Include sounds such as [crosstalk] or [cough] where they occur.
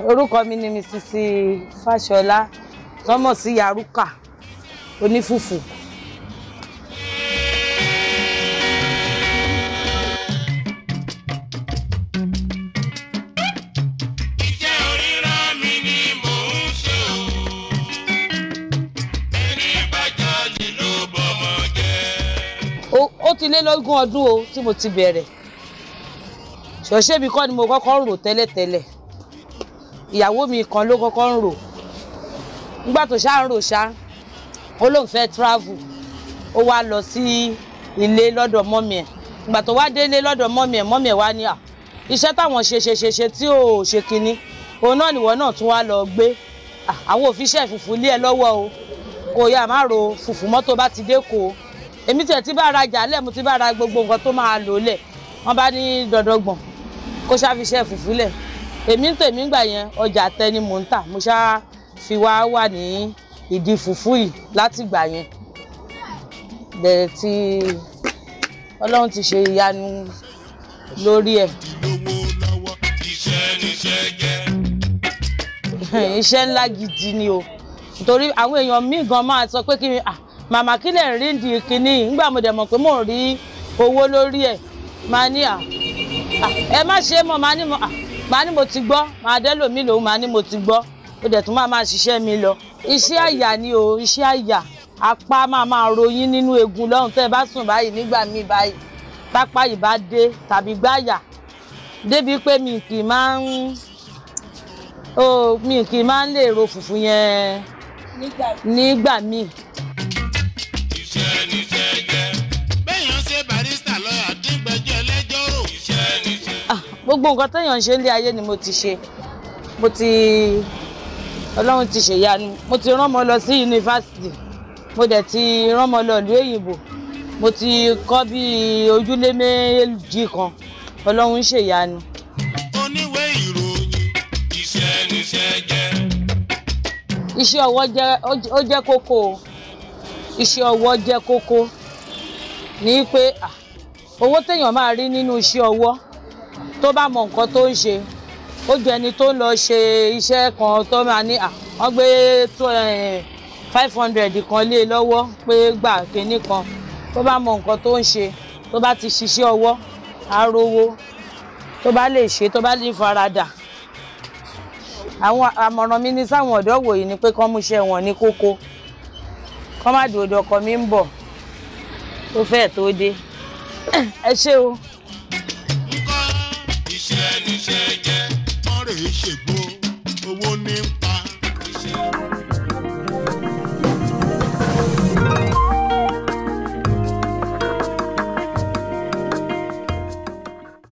orúkọ mi ni Mrs. Fáṣọlá tọmọ sí Yaruka onífùfù. ti lé lógún ọdún o tí mo ti bẹ̀rẹ̀ ṣọ̀ṣẹ́ mi kọ́ ni mo kọ́kọ́ rò tẹ́lẹ̀tẹ́lẹ̀ ìyàwó mi kan ló kọ́kọ́ ń rò nígbà tó ṣáà ń rò ṣá ó lóun fẹ́ travel ó wá lọ sí ilé lọ́dọ̀ mọ́mì ẹ̀ nígbà tó wá délé lọ́dọ̀ mọ́mì ẹ̀ mọ́mì ẹ̀ wá ní à iṣẹ́ táwọn ṣe ṣe ṣe ṣe tí ò ṣe kinní òun náà nìwọ náà tún wá lọ gbé àwọn òfíṣẹ́ fùfú lé ẹ lọ́wọ́ o kò yá má ro fùfú mọ́tò bá ti dé kó o èmi tiẹ̀ ti bá ra jàlẹ̀ mo ti bá ra gbogbo nǹkan tó máa lò lẹ̀ wọ́n bá ní dọ̀dọ̀gbọ̀n kó ṣàfiṣẹ́ fùfú lẹ̀ èmi ń tèmi gbà yẹn ọjà tẹ ni mò ń tà mo ṣáá fi wá wà ní ìdí fùfú yìí láti gbà yẹn bẹ̀rẹ̀ tí ọlọ́run ti ṣe ìyanu lórí ẹ̀. [laughs] iṣẹ́ ńlá gidi ni o nítorí àwọn èèyàn míì gan máa sọ pé kí ni màmá kí lè rí di kínní nígbà mo dẹ̀ mọ̀ pé mò ń rí owó lórí ẹ̀ máa ní à ẹ má ṣe mọ̀ máa ní mọ̀ à màá ní mo ti gbọ́ màá dẹ́lò mi lòun màá ní mo ti gbọ́ ó dẹ̀ tún máa máa ṣiṣẹ́ mi lọ iṣẹ́ àyà ni o iṣẹ́ àyà apá máa máa ròyìn nínú eegun lọ́rùn tẹ́ ẹ bá sùn báyìí nígbà míì báyìí pápá yìí bá dé tàbí gbáyà débìí pé mi kì í máa ń mi kì í máa ń lè ro fùfú yẹn nígbà míì gbogbo nǹkan téèyàn ń ṣe nílé ayé ni mo ti ṣe mo ti ọlọ́run ti ṣèyanu mo ti rán ọmọ lọ sí yunifásitì mo dẹ̀ ti rán ọmọ lọ ìlú èyìnbó mo ti kọ́ bí ojúlé méjì kan ọlọ́run ṣèyanu. oníwèé ìròyìn iṣẹ́ níṣẹ́ jẹ́. iṣẹ́ ọwọ́ jẹ́ ó jẹ́ kókó iṣẹ́ ọwọ́ jẹ́ kókó ní pé owó téèyàn máa rí nínú iṣẹ́ ọwọ́ tó bá mọ nǹkan tó ń ṣe ó ju ẹni tó ń lọ ṣe iṣẹ́ kan tó máa ní wọ́n gbé five hundred kan lé e lọ́wọ́ pé gbà kínní kan tó bá mọ nǹkan tó ń ṣe tó bá ti ṣiṣẹ́ ọwọ́ á rówó tó bá lè ṣe tó bá lè faradà àwọn àmọ̀ràn mi ní sáwọn ọ̀dọ́ wòyí ni pé kán mú iṣẹ́ wọn ní kókó kán má dòdò ọkọ mi ń bọ̀ tó fẹ́ẹ̀ tó dé ẹ ṣé o. ṣègbó owó ní ń pa.